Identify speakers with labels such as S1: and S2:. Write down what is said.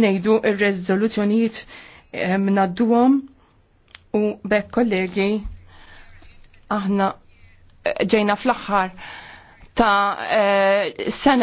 S1: nejdu il rezoluzjoniet mnadduhom u bekk kollegi aħna eh, ġejna fl-aħħar
S2: ta' eh, sena